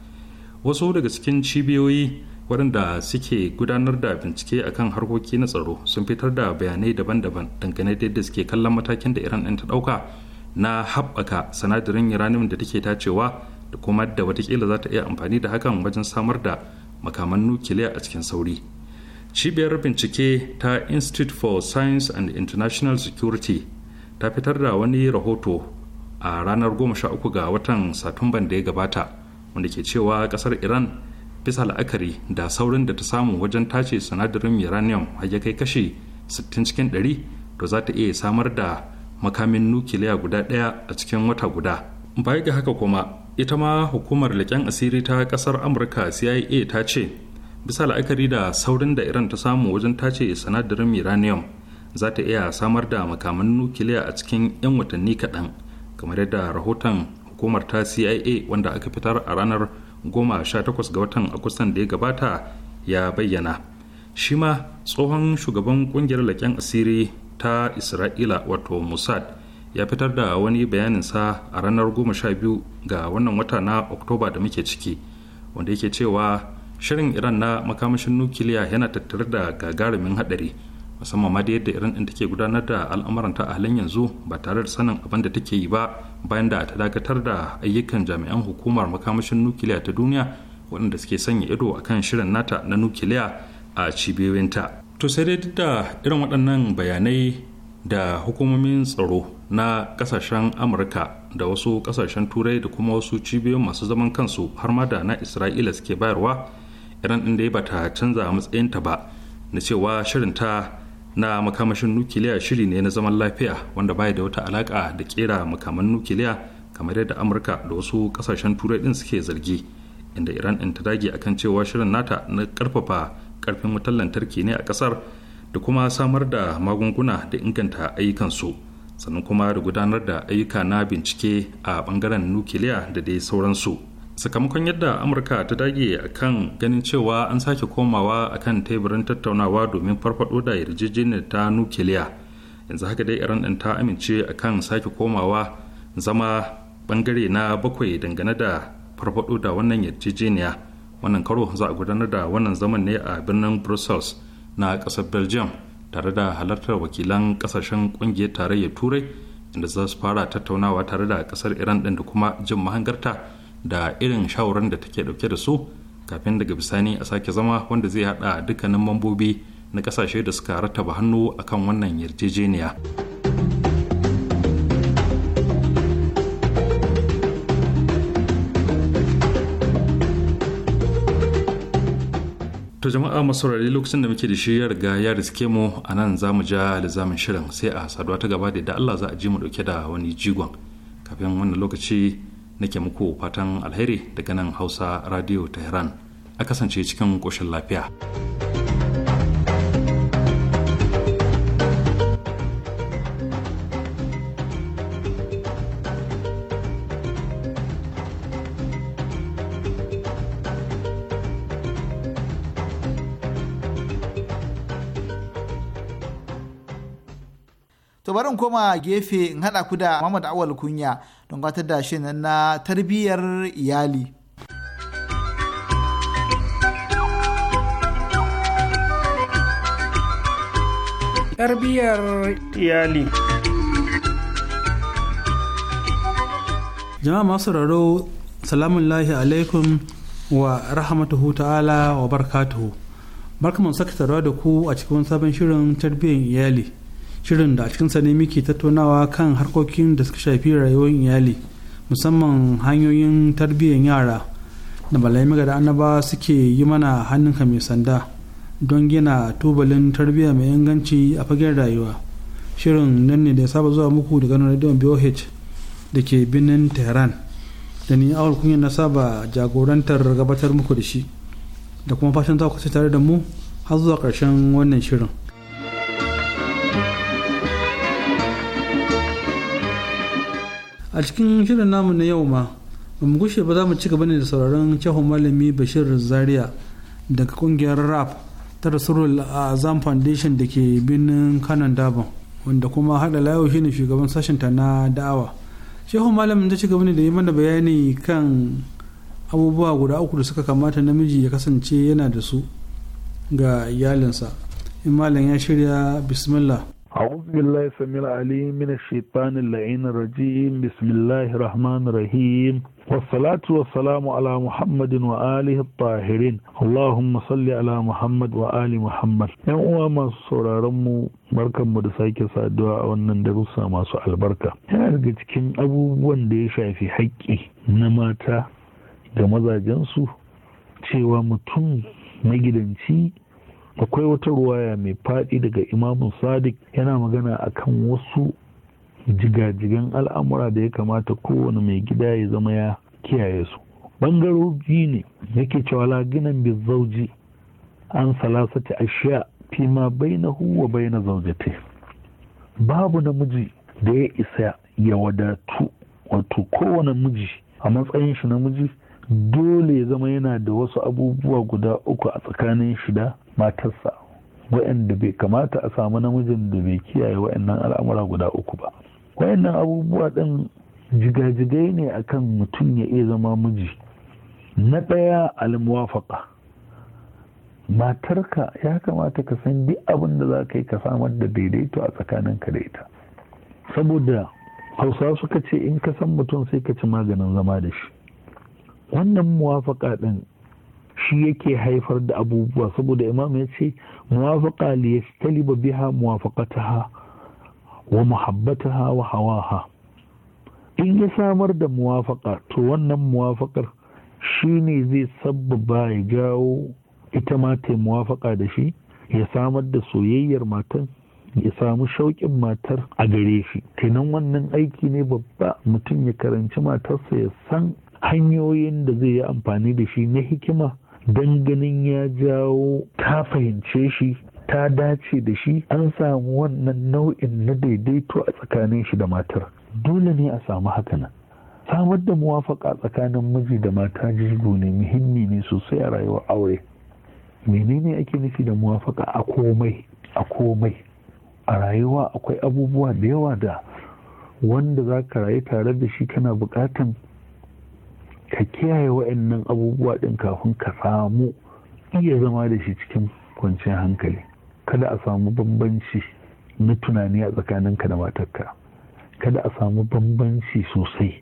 wasu daga cikin cibiyoyi waɗanda suke gudanar da bincike akan harkoki na tsaro sun fitar da bayanai daban-daban dangane da yadda suke kallon matakin da iran ɗin ta ɗauka na haɓaka sinadarin uranium da take tacewa da kuma da watakila za ta iya amfani da hakan wajen samar da makaman nukiliya a cikin sauri cibiyar bincike ta institute for science and international security ta fitar da wani rahoto a ranar 13 ga watan satumban da ya gabata wanda ke cewa kasar iran bisa la'akari da saurin da ta samu wajen tace sinadarin uranium har ya kai kashi 60 cikin 100 to za ta iya samar da makamin nukiliya guda ɗaya a cikin wata guda baya ga haka kuma ita ma hukumar leƙen asiri ta kasar amurka cia ta ce bisa la'akari da saurin da iran ta samu wajen tace sinadarin uranium za ta iya samar da makaman nukiliya a cikin 'yan watanni kaɗan kamar yadda rahoton hukumar ta cia wanda aka fitar a ranar 18 ga watan agustan da ya gabata ya bayyana shi ma tsohon shugaban kungiyar laƙen asiri ta isra'ila wato mossad ya fitar da wani bayaninsa a ranar 12 ga wannan wata na oktoba da muke ciki wanda yake cewa shirin iran na makamashin nukiliya yana tattare da gagarumin haɗari musamman ma da yadda iran ɗin take gudanar da al'amuran a halin yanzu ba tare da sanin abin da take yi ba bayan da ta dakatar da ayyukan jami'an hukumar makamashin nukiliya ta duniya waɗanda suke sanya ido a kan shirin nata na nukiliya a cibiyoyinta to sai dai da irin waɗannan bayanai da hukumomin tsaro na kasashen amurka da wasu kasashen turai da kuma wasu cibiyoyin masu zaman kansu har ma da na isra'ila suke bayarwa iran ɗin dai bata canza matsayinta ba na cewa shirin ta na makamashin nukiliya shiri ne na zaman lafiya wanda baya da wata alaka da kera makaman nukiliya kamar yadda amurka da wasu kasashen turai din suke zargi inda iran din ta dage akan cewa shirin nata na karfafa karfin wutar lantarki ne a kasar da kuma samar da magunguna da inganta ayyukan su sannan kuma da gudanar da ayyuka na bincike a bangaren nukiliya da dai sauransu sakamakon yadda amurka ta dage a kan ganin cewa an sake komawa a kan teburin tattaunawa domin farfado da yarjejeniyar ta nukiliya yanzu haka dai iran ɗin ta amince a kan sake komawa zama bangare na bakwai dangane da farfado da wannan yarjejeniya wannan karo za a gudanar da wannan zaman ne a birnin brussels na ƙasar belgium tare da halartar wakilan ƙasashen ƙungiyar tarayyar turai inda za su fara tattaunawa tare da ƙasar iran ɗin da kuma jin mahangarta da irin shawarar da take dauke da su kafin daga bisani a sake zama wanda zai hada dukkanin mambobi na kasashe da suka rattaba hannu akan wannan yarjejeniya ta jama'a masu rari lokacin da muke da shi ya riga ya riske mu a nan za mu ja lizamin shirin sai a saduwa ta gaba da Allah za a ji mu dauke da wani jigon kafin wannan lokaci nake muku fatan alheri daga nan hausa radio tehran a kasance cikin ƙoshin lafiya. to bari in koma gefe in haɗa ku da Muhammad Awal Kunya don gabatar da shi na tarbiyyar iyali. Tarbiyyar iyali. Jama'a masu raro, salamun lahi alaikum wa rahmatuhu ta'ala wa barkatuhu. Barkamu saka da ku a cikin sabon shirin tarbiyyar iyali. shirin da a cikinsa ne muke tattaunawa kan harkokin da suka shafi rayuwar iyali musamman hanyoyin tarbiyyar yara da malamai da annaba suke yi mana hannunka mai sanda don gina tubalin tarbiyya mai inganci a fagen rayuwa shirin nan ne da ya saba zuwa muku daga nan radio boh da ke birnin tehran da ni awal kunya na saba jagorantar gabatar muku da shi da kuma fashin za ku tare da mu har zuwa ƙarshen wannan shirin a cikin shirin namu na yau ma ba mu gushe ba za mu ci gaba ne da sauraron kyahu malami bashir zaria daga kungiyar rap ta a azam foundation da ke birnin kanan dabon wanda kuma hada layo ne shugaban sashinta na da'awa shehu malamin ta ci gaba ne da yi mana bayani kan abubuwa guda uku da suka kamata namiji ya kasance yana da su ga iyalinsa in malam ya shirya bismillah أعوذ بالله السميع العليم من الشيطان اللعين الرجيم بسم الله الرحمن الرحيم والصلاة والسلام على محمد وآله الطاهرين اللهم صل على محمد وآل محمد ‘yan uwa masu sauraron mu barkan da sake saduwa a wannan darussa masu albarka yana daga cikin abubuwan da ya shafi haƙƙi na mata ga mazajensu cewa mutum magidanci akwai wata ruwaya mai faɗi daga imamun sadiq yana magana a kan wasu jigajigan al'amura da ya kamata kowane mai gida ya zama ya kiyaye su bangarori ne yake cewa laginan bizauji an salasati ashiya fi ma huwa wa baina zaujate babu namiji da ya isa ya wadatu wato kowane miji a matsayin shi namiji dole ya zama yana da wasu abubuwa guda uku a tsakanin shida. matarsa waɗanda bai kamata a samu namijin da bai kiyaye waɗannan al'amura guda uku ba waɗannan abubuwa ɗin jigajigai ne akan mutum ya iya zama miji na ɗaya almuwafaka matarka ya kamata ka san duk abin da za ka yi ka samar da daidaito a tsakanin ka da ita saboda hausa suka ce in ka san mutum sai ka ci maganin zama da shi wannan muwafaka ɗin shi yake haifar da abubuwa saboda imam ya ce muwafaqa li yastaliba biha muwafaqataha wa muhabbataha wa hawaha in ya samar da muwafaka to wannan muwafakar shi ne zai sabbaba ya jawo ita ma ta muwafaka da shi ya samar da soyayyar matan ya samu shauƙin matar a gare shi kenan wannan aiki ne babba mutum ya karanci matarsa ya san hanyoyin da zai yi amfani da shi na hikima don ganin ya jawo ta fahimce shi ta dace da shi an samu wannan nau'in na daidaito a tsakanin shi da matar dole ne a samu hakanan samar da muwafaka tsakanin miji da mata jirgo ne muhimmi ne sosai a rayuwar aure menene ake nufi da muwafaka a komai a komai a rayuwa akwai abubuwa da yawa da wanda za ka rayu tare da shi kana bukatan ka kiyaye wa'annan abubuwa ɗin kafin ka samu iya zama da shi cikin kwanciyar hankali kada a samu bambanci na tunani a tsakaninka da matarka kada a samu bambanci sosai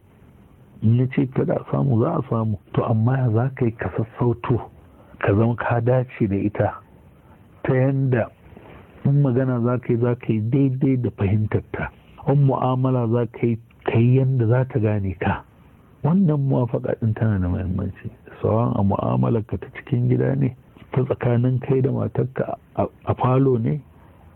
in ce kada a samu za a samu to amma za ka yi ka sassauto ka zama ka dace da ita ta yanda in magana za ka yi za ka yi daidai da fahimtarta in mu'amala za ka yi ka yanda za ta gane ka wannan muwafaka din tana da muhimmanci sauran a mu'amalar ka ta cikin gida ne ta tsakanin kai da matarka a falo ne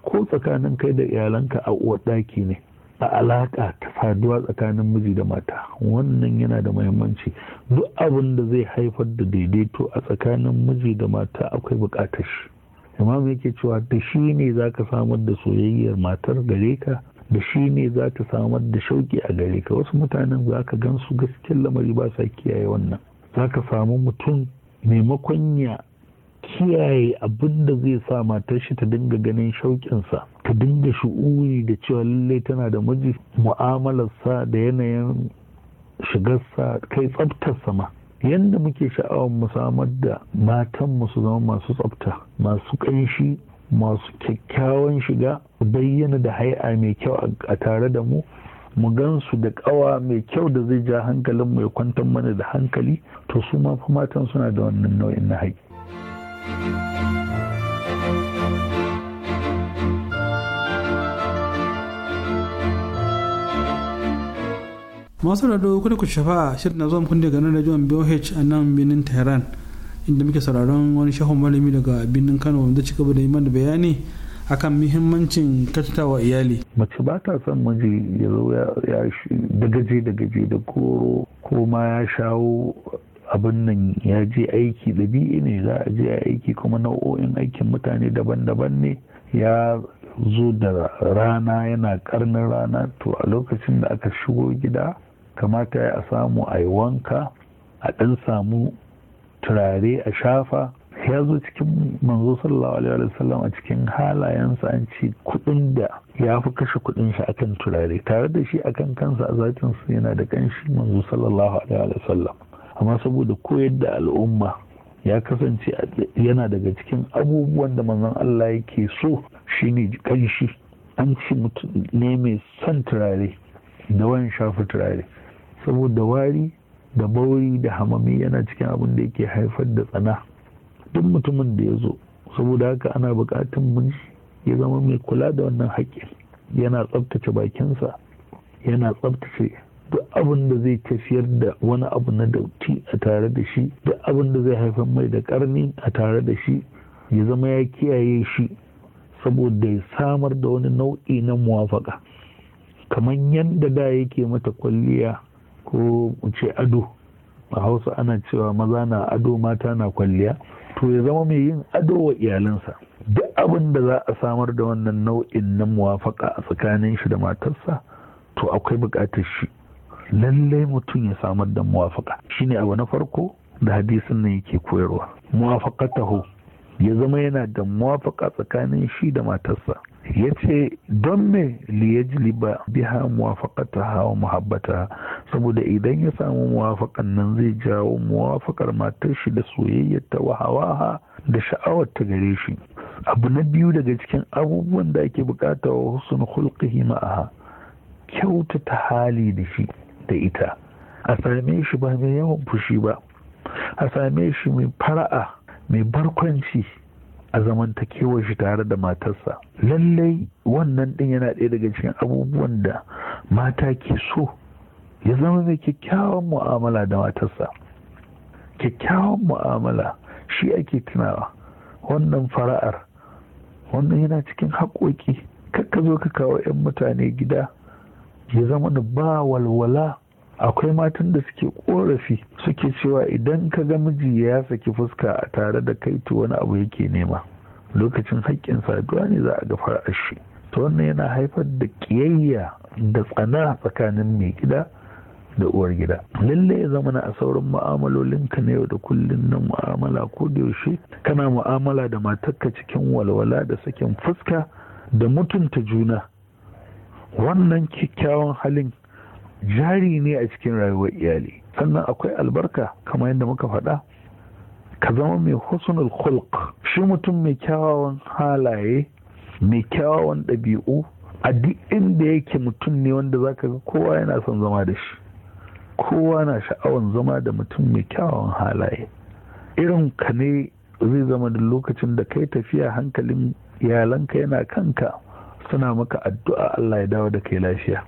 ko tsakanin kai da iyalanka a uwar ne a alaƙa ta faduwa tsakanin miji da mata wannan yana da muhimmanci duk abin da zai haifar da daidaito a tsakanin miji da mata akwai buƙatar shi imam yake cewa da shi ne za ka samar da soyayyar matar gare ka da shi ne za ta samar da shauki a gare ka wasu mutanen za ka gan su gaskiyar lamari ba sa kiyaye wannan za ka samu mutum maimakon ya kiyaye abin da zai sa matar shi ta dinga ganin shauƙinsa ta dinga shu'uri da cewa lallai tana da miji mu'amalarsa da yanayin shigarsa kai tsaftarsa ma yadda muke sha'awar mu samar da mu su zama masu tsafta masu ƙanshi masu kyakkyawan shiga bayyana da hai'a mai kyau a tare da mu mu gansu da kawa mai kyau da zai ja hankalin mai kwantar mana da hankali to su ma fa matan suna da wannan nau'in na haƙi. masu rado kuda ku shafa shirin na zuwa kun daga nan rajon BOH a nan birnin Tehran. inda muke sauraron wani shahon malami daga birnin kano wanda ci gaba da yi mana bayani akan muhimmancin kyautatawa iyali mace ba ta son miji ya zo ya da gaje da gaje da koro ko ma ya shawo abin nan ya je aiki ɗabi'i ne za a je aiki kuma nau'o'in aikin mutane daban-daban ne ya zo da rana yana karnin rana to a lokacin da aka shigo gida kamata ya samu a yi wanka a ɗan samu turare a shafa ya zo cikin manzo sallallahu alaihi wasallam a cikin halayensa an ce kudin da ya fi kashe kudin shi akan turare tare da shi akan kansa a zatin su yana da kanshi manzo sallallahu alaihi wasallam amma saboda koyar da al'umma ya kasance yana daga cikin abubuwan da manzon Allah yake so shine kanshi an ci mutum ne mai son turare da wani shafi turare saboda wari da bauri da hamami yana cikin abin da yake haifar da tsana duk mutumin da ya zo saboda haka ana bukatun mun ya zama mai kula da wannan haƙƙin yana tsabtace bakinsa yana tsabtace duk abin da zai tafiyar da wani abu na dauti a tare da shi duk abin da zai haifar mai da karni a tare da shi ya zama ya kiyaye shi saboda ya samar da wani nau'i na muwafaka kamar yadda da yake mata kwalliya ko mu ce ado a hausa ana cewa maza na ado mata na kwalliya to ya zama mai yin ado wa iyalinsa duk abin da za a samar da wannan nau'in na muwafaka a tsakanin shi da matarsa to akwai buƙatar shi lallai mutum ya samar da muwafaka shine abu na farko da hadisin nan yake koyarwa muwafaqatahu ya zama yana da muwafaka tsakanin shi da matarsa ya ce don me liyajliba biha muwafaqataha wa muhabbata saboda idan ya samu muwafaƙan nan zai jawo muwafaƙar matar shi da soyayyar ta wahawaha da sha'awar ta gare shi abu na biyu daga cikin abubuwan da ake bukata wa husun hulƙihi ma'aha ta hali da shi da ita a same shi ba mai yawan fushi ba a same shi mai fara'a mai barkwanci a zamantakewar shi tare da matarsa lallai wannan din yana ɗaya daga cikin abubuwan da mata ke so ya zama mai kyakkyawan mu'amala da matarsa kyakkyawan mu'amala shi ake tunawa wannan fara'ar wannan yana cikin haƙoƙi ka zo ka kawo 'yan mutane gida ya zama da ba walwala akwai matan da suke korafi suke cewa idan ka ga miji ya saki fuska a tare da kai to wani abu yake nema lokacin haƙƙin saduwa ne za a ga fara'ar shi to wannan yana haifar da ƙiyayya da tsana tsakanin mai gida da uwar gida lalle ya zama a sauran mu'amalolinka na yau da kullum na mu'amala ko da yaushe kana mu'amala da matarka cikin walwala da sakin fuska da mutunta juna wannan kyakkyawan halin jari ne a cikin rayuwar iyali sannan akwai albarka kamar yadda muka faɗa ka zama mai husnul khulq shi mutum mai kyawawan halaye mai kyawawan ɗabi'u a duk inda yake mutum ne wanda zaka ga kowa yana son zama da shi kowa na sha'awan zama da mutum mai kyawawan halaye irin ka ne zai zama da lokacin da kai tafiya hankalin iyalanka yana kanka suna maka addu'a Allah ya dawo da kai lafiya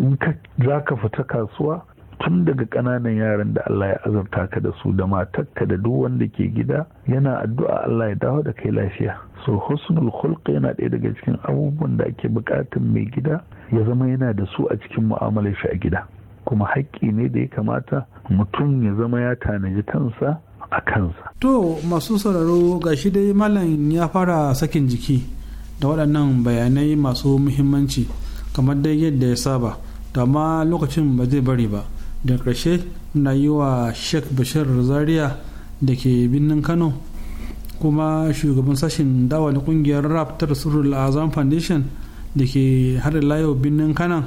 in ka za ka fita kasuwa tun daga ƙananan yaran da Allah ya azurta ka da su da matarka da duk wanda ke gida yana addu'a Allah ya dawo da kai lafiya so husnul khulq yana ɗaya daga cikin abubuwan da ake buƙatar mai gida ya zama yana da su a cikin mu'amalar shi a gida kuma haƙƙi ne da ya kamata mutum ya zama ya tanaji kansa a kansa. To masu sauraro ga shi dai malam ya fara sakin jiki da waɗannan bayanai masu muhimmanci kamar dai yadda ya saba da amma lokacin ba zai bari ba da ƙarshe na yi wa sheikh bashir zaria da ke birnin kano kuma shugaban sashen dawa na ƙungiyar rap ta rasulul azam foundation da ke harin layo birnin kanan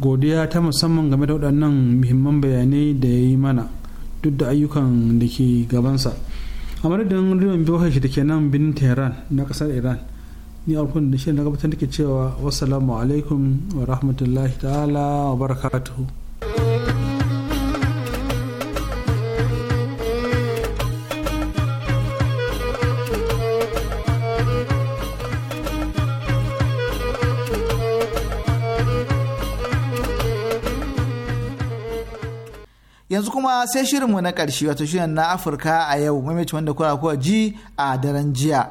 godiya ta musamman game da waɗannan muhimman bayanai da ya yi mana duk da ayyukan da ke gabansa a madadin rimin biyu da ke nan bin tehran na ƙasar iran ni a da shi na gabatar da ke cewa wassalamu alaikum wa rahmatullahi ta'ala wa barakatuhu yanzu kuma sai shirinmu na ƙarshe wato shirin na afirka a yau mamaci wanda kura kuwa ji a daren jiya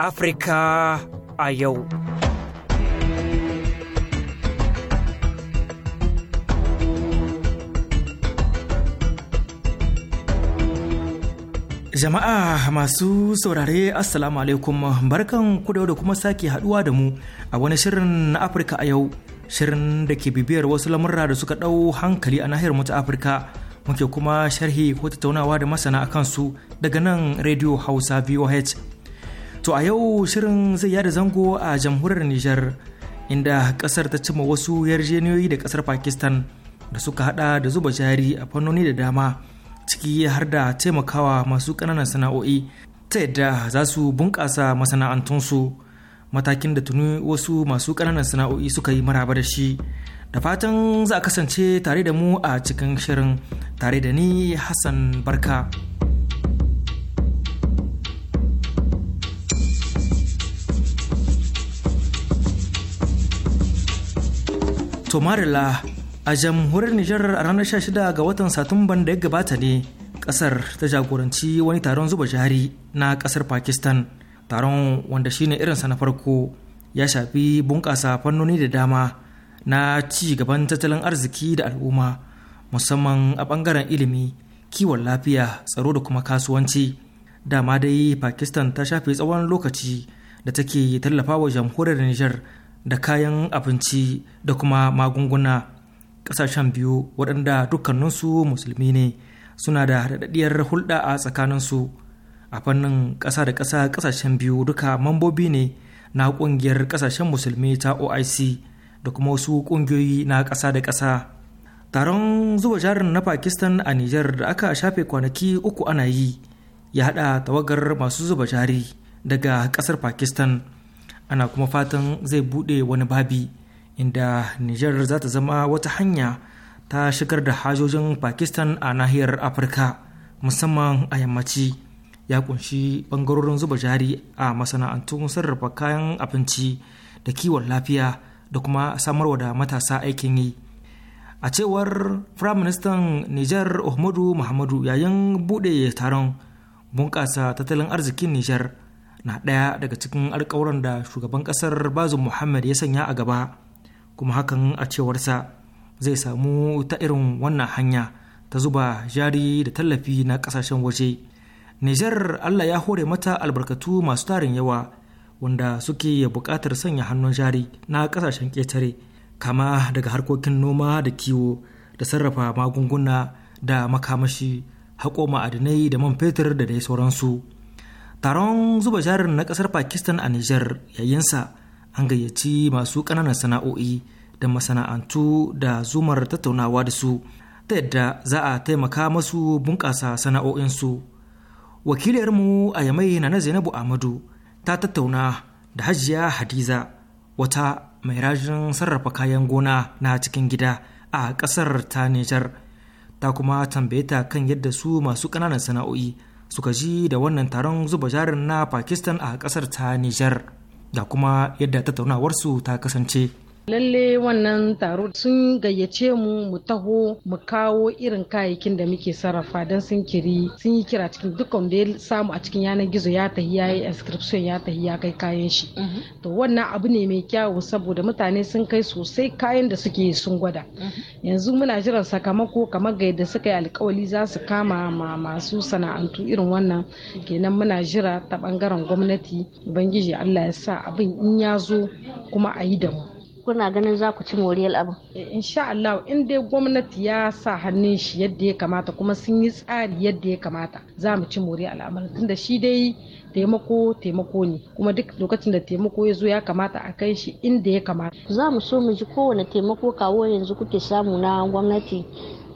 afirka a yau Jama'a masu saurare Assalamu alaikum barkan ku da kuma sake haduwa da mu a wani shirin na Afirka a yau shirin da ke bibiyar wasu lamurra da suka ɗau hankali a nahiyar ta Afirka muke kuma sharhi ko tattaunawa da masana a kansu daga nan Radio Hausa VOH. To a yau shirin zai yada zango a jamhuriyar Nijar inda kasar ta cima wasu yarjeniyoyi da kasar Pakistan da suka hada da zuba jari a fannoni da dama. ciki har da taimakawa masu ƙananan sana'o'i ta yadda za su bunƙasa masana'antunsu matakin da tuni wasu masu ƙananan sana'o'i suka yi maraba da shi da fatan za a kasance tare da mu a cikin shirin tare da ni hassan barka to a jamhuriyar nijar a ranar 16 ga watan satumban da ya gabata ne kasar ta jagoranci wani taron zuba jari na kasar pakistan taron wanda shine irinsa na farko ya shafi bunƙasa fannoni da dama na ci gaban tattalin arziki da al'umma musamman a ɓangaren ilimi kiwon lafiya tsaro da kuma kasuwanci dama dai pakistan ta shafe tsawon lokaci da take tallafa wa jamhuriyar nijar da kayan abinci da kuma magunguna kasashen biyu waɗanda dukkaninsu musulmi ne suna da haɗaɗɗiyar hulɗa a tsakaninsu a fannin ƙasa da ƙasa ƙasashen biyu duka mambobi ne na ƙungiyar ƙasashen musulmi ta oic da kuma wasu ƙungiyoyi na ƙasa da ƙasa taron zuba jarin na pakistan a niger da aka shafe kwanaki uku ana yi ya haɗa tawagar masu zuba jari daga ƙasar pakistan ana kuma fatan zai buɗe wani babi inda nijar za ta zama wata hanya ta shigar da hajojin pakistan a nahiyar afirka musamman a yammaci ya kunshi bangarorin zuba jari a masana'antun sarrafa kayan abinci da kiwon lafiya da kuma samarwa da matasa aikin yi a cewar firaministan nijar ahmadu muhammadu yayin bude taron bunƙasa tattalin arzikin nijar na ɗaya daga cikin alkawuran da shugaban ƙasar bazu muhammad ya sanya a gaba kuma hakan a cewarsa zai samu ta irin wannan hanya ta zuba jari da tallafi na kasashen waje nijar allah ya hore mata albarkatu masu tarin yawa wanda suke buƙatar sanya hannun jari na kasashen ƙetare kama daga harkokin noma da kiwo da sarrafa magunguna da makamashi haƙo ma'adinai da man fetur da dai sauransu taron zuba jarin na ƙasar pakistan a nijar yayinsa an gayyaci masu ƙananan sana'o'i da masana'antu da zumar tattaunawa da su ta yadda za a taimaka masu bunƙasa sana'o'insu wakiliyarmu a yamai na zainabu amadu ta tattauna da hajiya hadiza wata mai rajin sarrafa kayan gona na cikin gida a ƙasar ta nijar ta kuma tambaye ta kan yadda su masu ƙananan sana'o'i suka ji da wannan taron zuba jarin na pakistan a ƙasar ta nijar da kuma yadda tattaunawarsu ta kasance lalle wannan taro sun gayyace mu mu taho mu kawo irin kayayyakin da muke sarrafa don sun kiri sun yi kira cikin dukkan da ya samu a cikin yanar gizo ya tafi ya yi inscription ya tafi ya kai kayan shi mm-hmm. to wannan abu ne mai kyawu saboda mutane sun kai sosai kayan da suke sun gwada mm-hmm. yanzu muna jiran sakamako kamar ga yadda suka yi alkawali za su kama ma masu sana'antu irin wannan kenan muna jira ta bangaren gwamnati ubangiji Allah ya sa abin in ya zo kuma a yi da mu kuna ganin za ku ci moriyar abin eh, insha Allah in dai gwamnati ya sa hannun shi yadda ya kamata kuma sun yi tsari yadda ya kamata za mu ci moriyar al'amarin tunda shi dai taimako taimako ne kuma duk lokacin da taimako ya zo ya kamata a kai shi inda ya kamata za mu so mu ji kowane taimako kawo yanzu kuke samu na gwamnati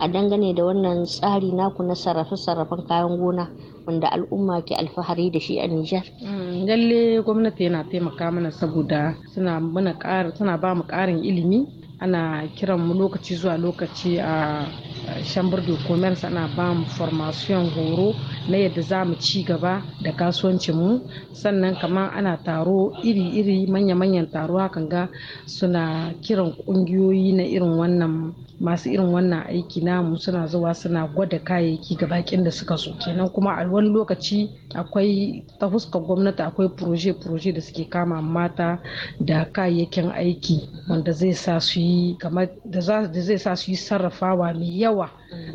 a dangane da wannan tsari naku na sarrafe-sarrafen kayan gona wanda al'umma ke alfahari da shi a Nijar. Mm, lalle gwamnati yana taimaka mana saboda suna ba mu ƙarin ilimi ana kiran mu lokaci zuwa lokaci a shambar da ana ba mu formation horo na yadda za mu ci gaba da kasuwancinmu sannan kamar ana taro iri-iri manya-manyan taro hakan ga suna kiran ƙungiyoyi na irin wannan masu irin wannan aiki namu suna zuwa suna gwada kayayyaki ga bakin da suka so kenan kuma a wani lokaci akwai ta fuskar gwamnati akwai proje-proje da suke kama mata da kayayyakin aiki wanda zai sa su yi da zai sa su yi sarrafawa mai yawa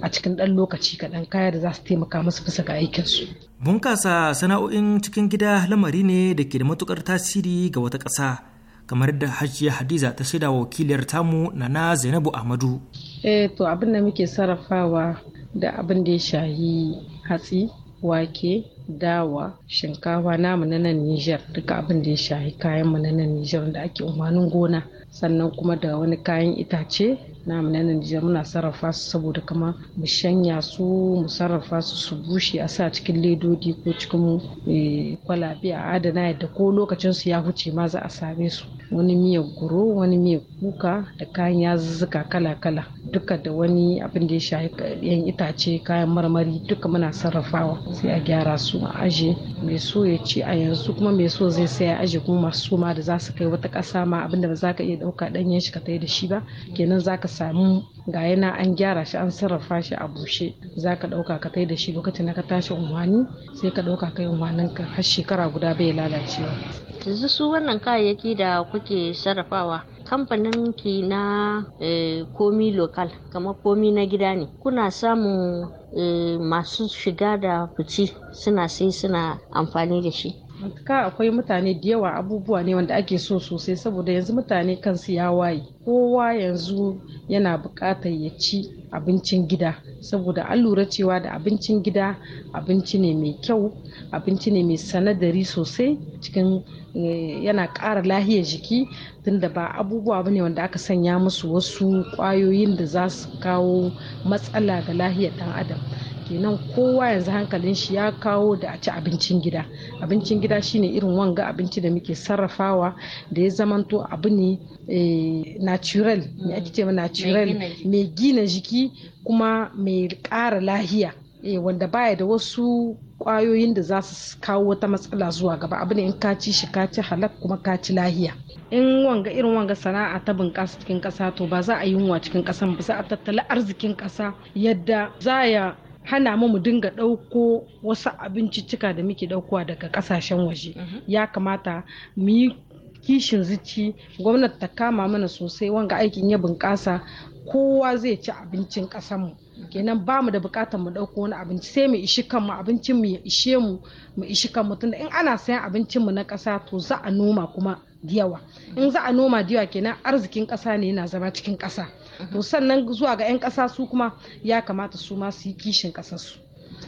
a cikin ɗan lokaci kaɗan kaya da za su taimaka musu bisa ga aikinsu. Bunkasa sana'o'in cikin gida lamari ne da ke da matukar tasiri ga wata ƙasa kamar da hajiya hadiza ta shaida wa wakiliyar tamu nana zainabu ahmadu. eh to abin da muke sarrafawa da abin da ya shayi hatsi wake dawa shinkafa namu na nan Nijar duka abin da ya shayi kayan mu na nan Nijar da ake umarnin gona sannan kuma da wani kayan itace namu na Najeriya muna sarrafa su saboda kama mu shanya su mu sarrafa su su bushe a sa cikin ledodi ko cikin eh, kwalabe a adana yadda ko lokacin su ya huce ma za a same su wani miyar goro wani miyar kuka da kayan yazuzzuka kala-kala duka da wani abin da ya shafi yan itace kayan marmari duka muna sarrafawa sai a gyara su a aje mai so ya ci a yanzu kuma mai so zai saya aje kuma masu soma da za su kai wata ƙasa ma abin da ba za ka iya ɗauka ɗanyen shi ka tai da shi ba kenan za ka samu ga yana an gyara shi an sarrafa shi a bushe za ka ɗauka ka kai da shi lokacin da ka tashi unhwani sai ka ɗauka kai unhwanin ka har shekara guda bai lalacewa. yanzu su wannan kayayyaki da kuke sarrafawa kamfanin ki na eh, komi lokal kamar komi na gida ne kuna samun eh, masu shiga da fici suna sai suna amfani da shi ka akwai mutane da yawa abubuwa ne wanda ake so sosai saboda yanzu mutane kansu ya waye kowa yanzu yana buƙatar ya ci abincin gida saboda an lura cewa da abincin gida abinci ne mai kyau abinci ne mai sanadari sosai cikin eh, yana ƙara lahiyar jiki tunda ba abubuwa bane wanda aka sanya musu wasu ƙwayoyin da za su kawo matsala ga lahiyar ɗan adam kenan kowa yanzu hankalin shi ya kawo da a ci abincin gida abincin gida shine irin wanga abinci da muke sarrafawa da ya zamanto abu ne eh, natural me ake ce mm. natural mai gina jiki kuma mai ƙara lahiya eh, wanda baya da wasu kwayoyin da za su kawo wata matsala zuwa gaba abu ne in ka ci shi ka ci halak kuma ka ci lahiya in wanga irin wanga sana'a ta bunƙasa cikin ƙasa to ba za a yi yunwa cikin ƙasa ba za a tattala arzikin ƙasa yadda za ya hana mu mu dinga ɗauko wasu abinciccika da muke ɗaukowa daga kasashen waje mhm. ya kamata mu yi kishin zici gwamnati ta kama mana sosai wanga aikin ya bunƙasa kowa zai ci abincin ƙasanmu mhm. kenan ba mu da bukatar mu ɗauko wani abinci sai mu ishi kanmu abincin mu ya ishe mu mu ishi kanmu tunda in ana sayan abincin mu na ƙasa to za a noma kuma da in za a noma da yawa kenan arzikin ƙasa ne yana zama cikin ƙasa to sannan zuwa ga 'yan ƙasa su kuma ya kamata su ma su yi kishin ƙasarsu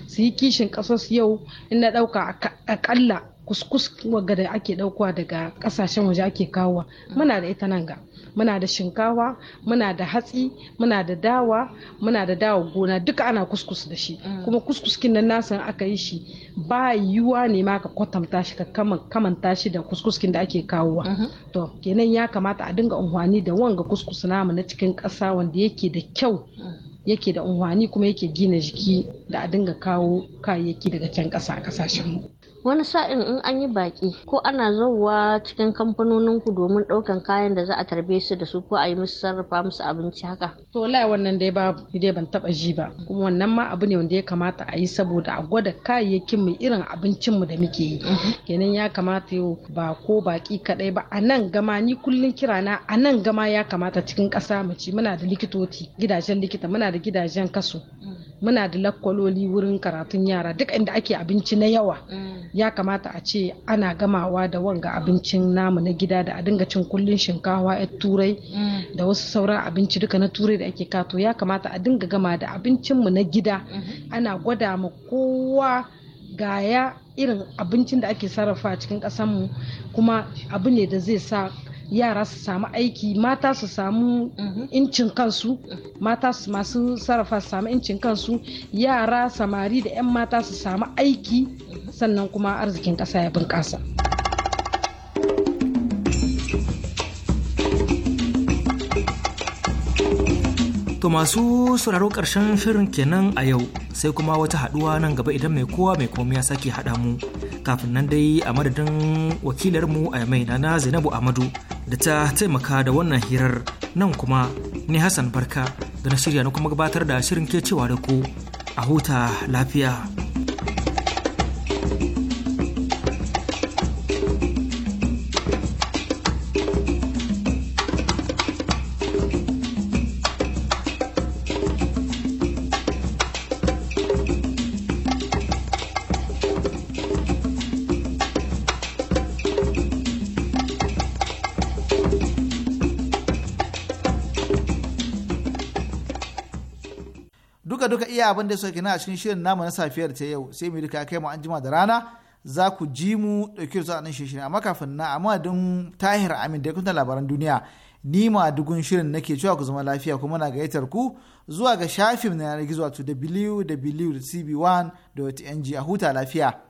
su yi kishin ƙasarsu yau in na ɗauka akalla kuskus da ake daukowa daga kasashen waje ake kawowa muna da ita nan ga muna da shinkawa muna da hatsi muna da dawa muna da dawa gona duka ana kuskus da shi mm. kuma kuskuskin nan nasan aka yi shi ba yiwuwa ne ma ka kwatanta shi ka kamanta shi da kuskuskin da ake kawowa mm-hmm. to kenan ya kamata a dinga unhwani da wanga kuskus namu na cikin kasa wanda yake da kyau mm. yake da unhwani kuma yake gina jiki da a dinga kawo kayayyaki daga can kasa a kasashen mu wani sa'in in an yi baki ko ana zauwa cikin kamfanonin ku domin ɗaukan kayan da za a tarbe su da su ko a yi musu sarrafa musu abinci haka to lai wannan dai ba dai ban taba ji ba kuma wannan ma abu ne wanda ya kamata a yi saboda a gwada kayayyakin mu irin abincin mu da muke yi kenan ya kamata yau ba ko baki kadai ba a nan gama ni kullun kira na a nan gama ya kamata cikin ƙasa mu ci muna da likitoci gidajen likita muna da gidajen kaso muna da lakwaloli wurin karatun yara duk inda ake abinci na yawa ya kamata a ce ana gamawa da wanga abincin namu na gida da a dinga cin kullun shinkawa ya turai mm. da wasu sauran abinci duka na turai da ake kato ya kamata a dinga gama da abincinmu na gida mm-hmm. ana gwada ma kowa gaya irin abincin da ake sarrafa a cikin kasanmu kuma abu ne da zai sa yara su samu aiki mata su samu mhm. incin kansu mhm. mata su masu sarrafa su samu incin kansu yara samari da 'yan mata su samu aiki mhm. sannan kuma arzikin ƙasa ya bunƙasa. To masu sauraro ƙarshen shirin kenan a yau sai kuma wata haɗuwa nan gaba idan mai kowa mai komai ya sake haɗa mu kafin nan dai a madadin wakilarmu a mai na Zainabu Amadu da ta taimaka da wannan hirar nan kuma ni Hassan Barka da na shirya na kuma gabatar da shirin ke cewa da ku a huta lafiya. iya abin da suka na a cikin shirin namu na safiyar ta yau sai mu duka kai mu an jima da rana za ku ji mu ɗauki da nan shirin amma kafin na amma don tahir amin da kunta labaran duniya ni ma dugun shirin nake cewa ku zama lafiya kuma na gayyatar ku zuwa ga shafin na yanar gizo wato www.cb1.ng a huta lafiya.